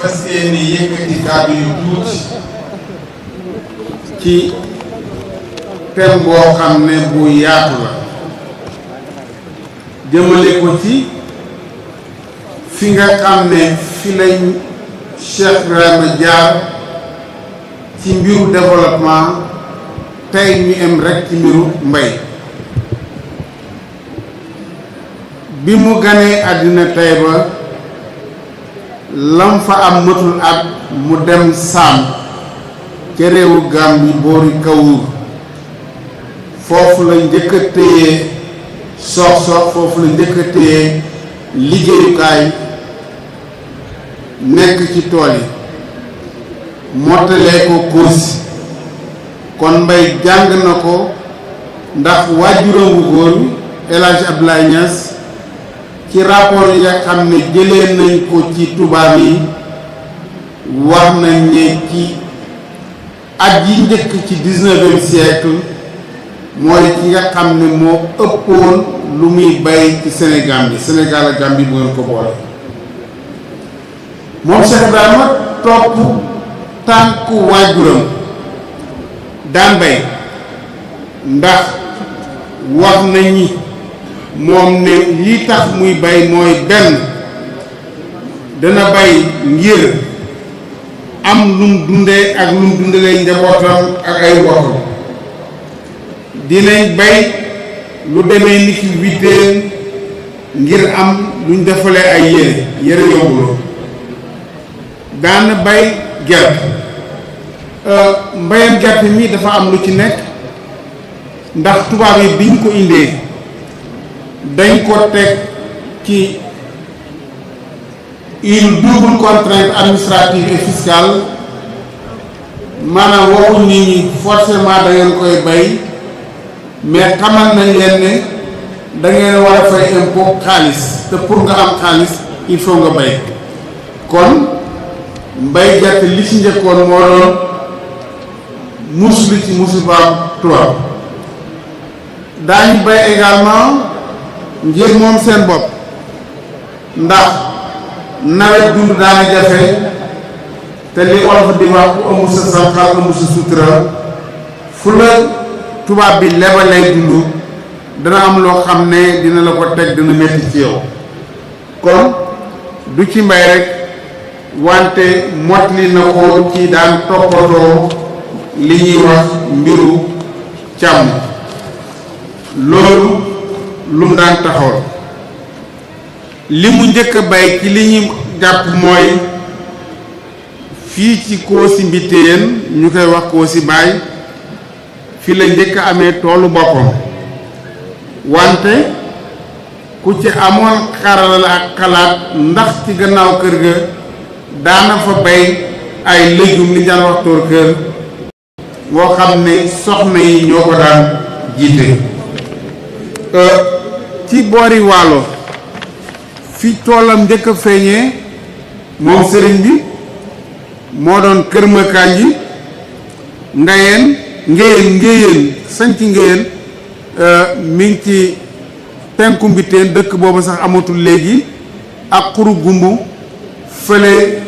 fas yéene yëkkati kàddu yu tuuti ci thème boo xam ne bu yaatu la jëmale ko ci fi nga xam ne fi lañ Cheikh Ibrahima jaar ci mbiru développement tey ñu am rek ci mbiru mbay bi mu ganee àddina tey ba lam fa am matul at mu dem saam ca réewu Gàmbi boori kawur foofu la njëkk a téye sox-sox foofu la njëkk téye liggéeyukaay nekk ci tool yi mottalee ko kursi kon mbay jàng na ko ndax waa wu góor El Hadj Abdoulaye Niass ci rapport yi nga xam ne jëlee nañ ko ci tubaab yi wax nañ ne ci at yi njëkk ci dix-neuvième siècle mooy ki nga xam ne moo ëppoon lu muy bay ci Sénégal bi Sénégal ak Gambie bu ngeen ko boole moom Cheikh Ibrahima topp tànk waajuram daan bay ndax wax nañ moom ne li tax muy bay mooy benn dana bay ngir am lum dundee ak lum dundalee njabootam ak ay mbokk dinañ bay lu demee ni ki witteel ngir am luñ defalee ay yére yére yombuloo daana bay gerte euh, mbayam gerte mi dafa am lu ci nekk ndax tubaab yi biñ ko indee dañ ko teg ci une double contrainte administrative et fiscale maanaam waxuñ nit ñi forcément da ngeen koy bay mais xamal na leen ne da ngeen war a fay impôt xaalis te pour nga am xaalis il faut nga bay kon mbay gàtt li ci njëkkoon moo doon musli ci musibaam tubaab daañu bay également ngir moom seen bopp ndax nawet dund daana jafe te li olof di wax ku amul sa sanqal amul sa sutura fu la tubaab bi lebalay dund dana am loo xam ne dina la ko teg dina metti ci yow kon du ci mbay rekk wante motli na ko ci daan toppatoo li ñuy wax mbiru càmm loolu lum mu daan taxawal li mu njëkk a bay ci li ñu jàpp mooy fii ci Kossy Mbiteyeen ñu koy wax Kossy Baye fi la njëkk a amee toolu boppam wante ku ci amoon xarala la ak xalaat ndax ci gannaaw kër ga daana fa bay ay légumes li daan wax tóor kër woo xam ne soxna yi ñoo ko daan jiite euh, ci boori waalo fi toolam jëkk a feeñee moom sëriñ bi moo doon kër makaan ji ndayeen ngéyeen ngéyeen sañ ci ngéyeen euh, mi ci penku dëkk boobu sax amatul léegi ak xuru gumb fële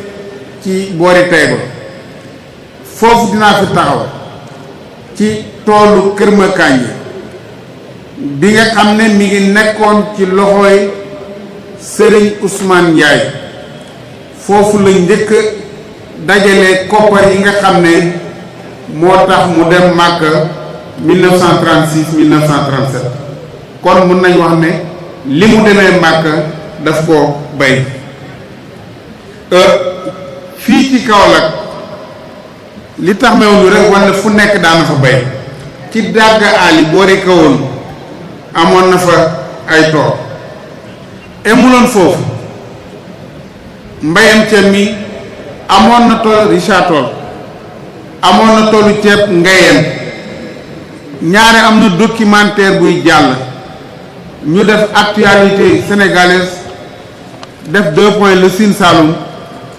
ci boori Taïba foofu dinaa fi taxaw ci toolu kër makaan ji bi nga xam ne mi ngi nekkoon ci loxooy sëriñ usmaan yaay foofu la njëkk dajale koppar yi nga xam ne moo tax mu dem màkk 1936 1937 kon mun nañ wax ne li mu demee màkk daf ko bay euh, fii ci Kaolack li tax mew ñu rek wala fu nekk daana fa bay ci dàgg aali boori kawoon amoon na fa ay tool emuloon foofu mbayam ceeb mi amoon na tool Richard Toll amoon na toolu ceeb ngayeen ñaare am na documentaire buy jàll ñu def actualité sénégalaise def deux points le Sine Saloum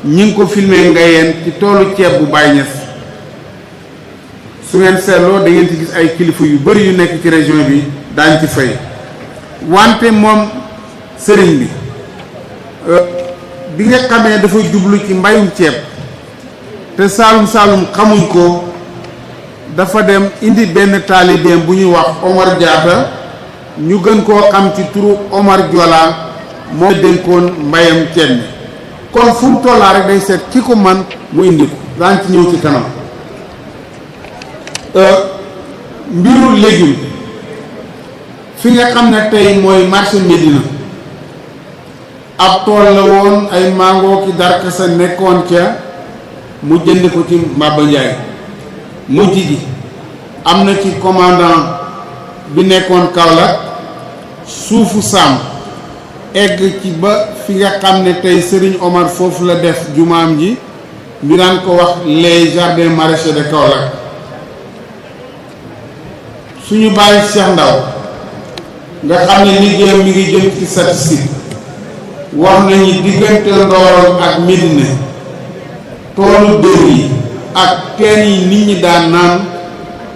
ñi ngi ko filmé ngayeen ci toolu ceeb bu Baye Niass su ngeen seetloo da ci gis ay kilifa yu bëri yu nekk ci région bi daañ ci fay wante moom sëriñ bi euh, bi nga xamee dafa jublu ci mbayum ceeb te saalum saalum xamuñ ko dafa dem indi benn taalibeem bu ñuy wax Omar Diatta ñu gën koo xam ci turu Omar Joola moo dénkoon mbayam ceeb mi kon fu mu day seet ci ko man mu indi ko daañ ci ñëw ci kanam euh, mbiru légume fi nga xam ne tey mooy marché Médina ab tool la woon ay màngoo ki darka sa nekkoon ca mu jënd ko ci Maba Ndiaye mujj gi am na ci commandant bi nekkoon Kaolack suufu saam egg ci ba fi nga xam ne tey Serigne Omar foofu la def jumaam ji ñu daan ko wax les jardins maraîchers de Kaolack suñu bàyyi Cheikh Ndaw nga xam ne liggéeyam mi ngi jëm ci statistique wax nañu diggante Ndorong ak Médina toolu dër yi ak teen yi nit ñi daan naan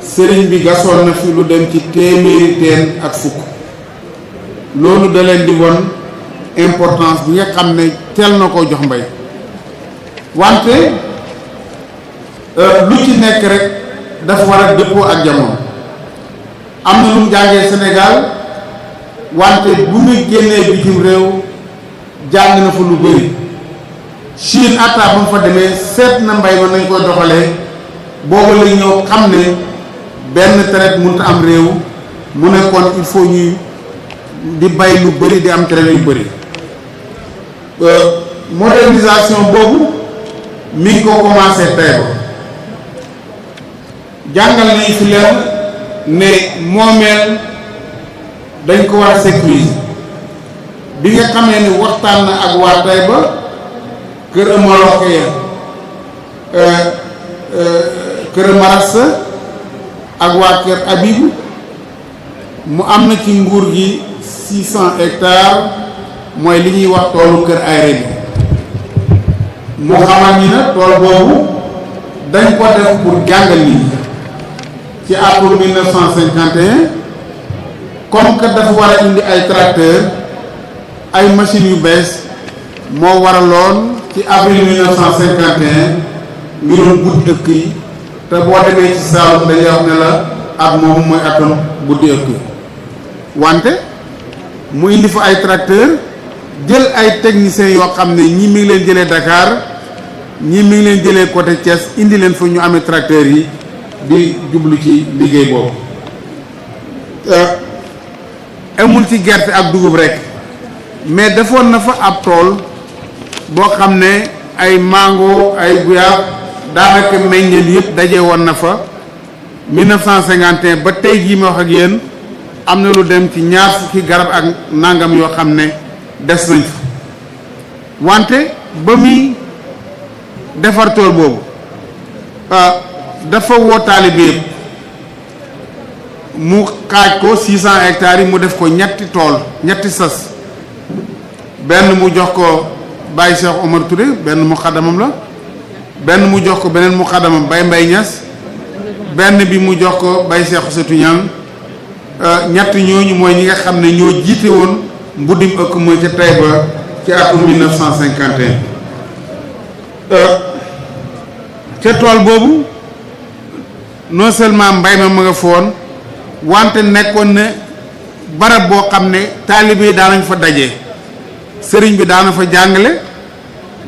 sëriñ bi gasoon na fi lu dem ci téeméeri teen ak fukk loolu da di won importance bi xam ne teel na ko jox mbay wante euh, lu ci nekk rek dafa war a dëppoo ak jamono am na lu mu jàngee Sénégal wante bu muy génnee bitim réew jàng na fa lu bëri Chine atta ba fa demee seet na mbay ma nañ koy doxalee booba la ñëw xam ne benn traite mënut am réew mu nekkoon kon il faut ñuy di bay lu bëri di am traite yu bëri euh, modernisation boobu mi ngi ko commencé tey ba jàngal nañ fi leen ne moomeel dañ ko war a bi nga xamee ni waxtaan na ak waa Taïba kër Amaloka ya euh, euh, kër Marassa ak waa kër Abibu mu am na ci nguur gi six cent hectares mooy li ñuy wax toolu kër ayre bi mu xamal ni na tool boobu dañ ko def pour jàngal nit ñi ci atum comme que dafa war a indi ay tracteur ay machines yu bees moo waraloon ci avril 1951 ñu doon guddi ëkk yi te boo demee ci Saalum dañuy wax ne la at moomu mooy atom guddi ëkk wante mu indi fa ay tracteur jël ay techniciens yoo xam ne ñi mi ngi leen jëlee dakaar ñii mi ngi leen jëlee côté Thiès indi leen fa ñu amee tracteur yi di jublu ci liggéey boobu euh, amul ci gerte ak dugub rekk mais defoon na fa ab tool boo xam ne ay màngo ay guyaab daanaka meññeen yëpp daje woon na fa 1951 ba tey gii ma wax ak yéen am na lu dem ci ñaar ci garab ak nangam yoo xam ne des nañ fa wante ba muy defar boobu ah, dafa woo taalibe mu xaaj ko 600 hectares yi mu def ko ñetti tool ñetti sas benn mu jox ko Baye Cheikh Omar Touré benn mu la benn mu jox ko beneen mu xadamam Baye Mbaye Niass benn bi mu jox ko Baye Cheikh Ousseynou Niang euh, ñett ñooñu mooy ñi nga xam ne ñoo jiite woon mbuddim ëkk mooy ca Taïba ca atum 1951 euh, ca tool boobu non seulement mbay ma mu nga foon wante nekkoon na barab boo xam ne taalibe yi daanañ fa daje sëriñ bi daana fa jàngale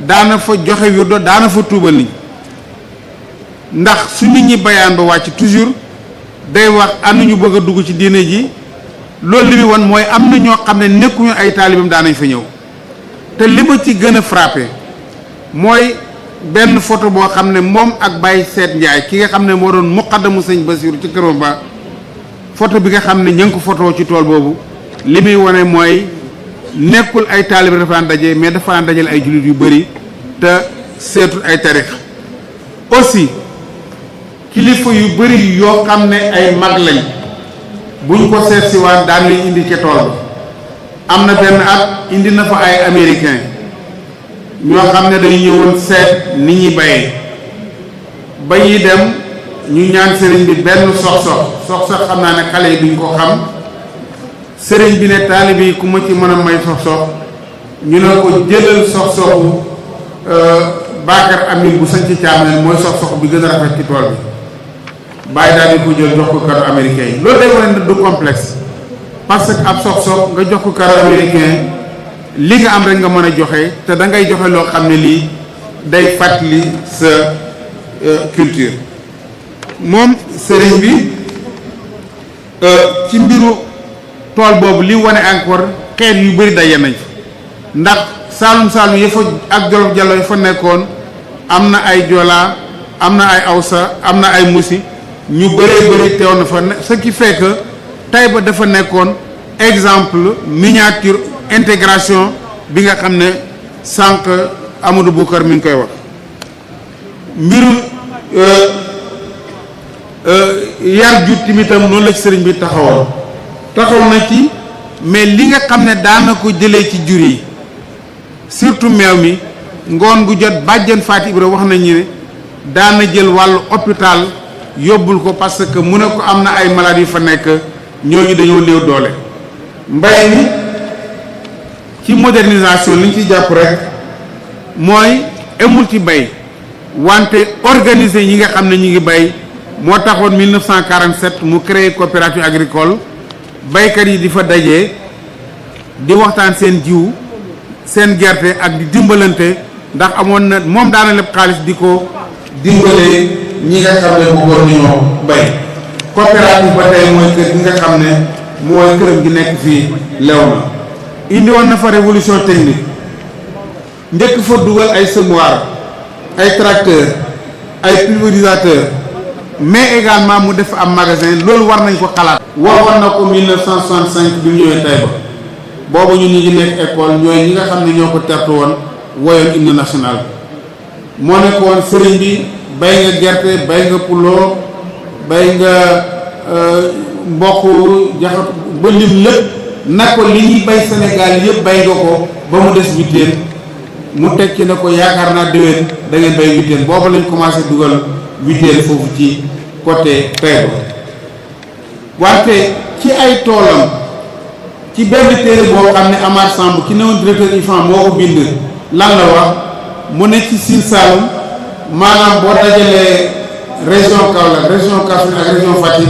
daana fa joxe wirdo daana fa tuubal ni ndax su nit ñi bayaan ba wàcc toujours day wax am ñu bëgg a dugg ci diine ji loolu li muy won mooy am na ñoo xam ne nekkuñu ay taalibeem daanañ fa ñëw te li ma ci gën a frappé mooy benn foto boo xam ne moom ak Baye Seet Njaay ki nga xam ne moo doon muqaddamu sëñ Basiru ci këroom ba photo bi nga xam ne ñu ngi ko photo ci tool boobu li muy wane mooy nekkul ay taalibe dafa daje mais dafa dajale ay jullit yu bari te seetu ay tarix aussi kilifa yu bëri yoo xam ne ay mag lañ buñ ko seet si waat daan indi ca tool bi am na benn at indi na fa ay américain ñoo xam ne dañu ñëwoon seet ni ñuy bayee ba ñuy dem ñu ñaan sëriñ bi benn sox-sox sox-sox xam naa ne xale yi duñ ko xam sëriñ bi ne taalibe yi ku ma ci mën a may sox-sox ñu ne ko jëlal sox-soxu euh, Bakar Amine bu sañ ci caamen mooy sox-sox bi gën a rafet ci tool bi bàyyi daal di ko jël jox ko karo américain loolu day wane ne du complexe parce que ab sox-sox nga jox ko karo américain li nga am rek nga mën a joxe te dangay joxe loo xam ne lii day fàttali sa euh, culture moom sëriñ bi euh, ci mbiru tool boobu li wane encore xeet yu bëri daje nañ ndax saalum saalum ya fa ak jolof jolof ya fa nekkoon am na ay jola am na ay awsa am na ay musi ñu bëree bëri teew na fa ce qui fait que Taïba dafa nekkoon exemple miniature intégration bi nga xam ne sànq Amadou Boukar mi ngi koy wax mbiru euh, Euh, yar ju timitam noonu la ci sëriñ bi taxawal taxaw na ci mais li nga xam ne daana ko jëlee ci jur yi surtout meew mi ngoon gu jot bàjjen Faati Ibra wax nañu ne daana jël wàllu hôpital yóbbul ko parce que mu ne ko am na ay malade yu fa nekk ñooñu dañoo néew doole mbay mi ci modernisation liñ ci jàpp rek mooy emul ci bay wante organiser ñi nga xam ne ñu ngi bay moo taxoon 1947 mu créé coopérative agricole baykat yi di fa daje di waxtaan seen jiw seen gerte ak di dimbalante ndax amoon na moom daana lépp xaalis di ko dimbalee ñi nga xam ne bëggoon nañoo bay coopérative ba tey mooy kër gi nga xam ne mooy këram gi nekk fii lew na indi woon na fa révolution technique njëkk fa dugal ay semoir ay tracteur ay pulvérisateur mais également mu def am magasin loolu war nañ ko xalaat. waxoon na ko 1965 bi mu ñëwee Taïba boobu ñun ñu ngi nekk école ñooy ñi nga xam ne ñoo ko tertu woon woyoon hymne national moo nekk woon sëriñ bi bay nga gerte bay nga puloo bay nga euh, mboq jaxat ba lim lépp ko li ñuy bay Sénégal yëpp bay nga ko ba mu des huitième. mu teg ci ne ko yaakaar naa déwén da ngeen bay huitième booba lañ commencé dugal huitième foofu ci côté Taïba wante ci ay toolam ci benn téere boo xam ne Amar Samb ki newoon directeur IFAN moo ko bind lan la wax mu ne ci Sine Saloum maanaam boo dajalee région Kaolack région Kaffrine ak région Fatick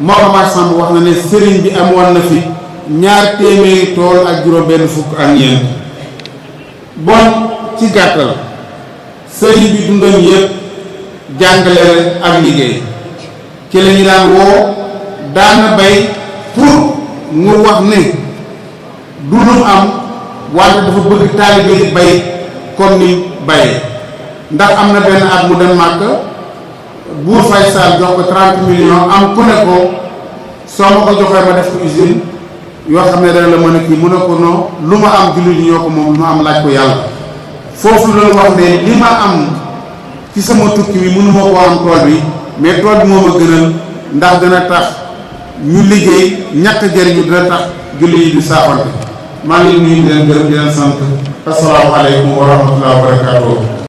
moo Amar Samb wax na ne sëriñ bi am amoon na fi ñaar téeméeri tool ak juróom benn fukk ak ñeent bon ci gàttal sëriñ bi dundam yëpp jàngale ak liggéey ci la ñu daan woo daana bay pour mu wax ne du lu am wante dafa bëgg taalibe yi bay ni bayee ndax am na benn at mu dem màkk buur Faysal jox ko 30 millions am ku ne ko soo ma ko joxee ma def ko usine yoo xam ne dana la mën a kii mu ne ko non lu ma am jullit ñoo ko moom lu ma am laaj ko yàlla foofu la wax ne li ma am ci sama tukki bi mënu ko am tool bi mais tool bi moo ma gënal ndax dana tax ñu liggéey ñàkk jëriñu dana tax jullit yi di saafante maa ngi leen di leen sant asalaamaaleykum wa rahmatulah wa barakaatuh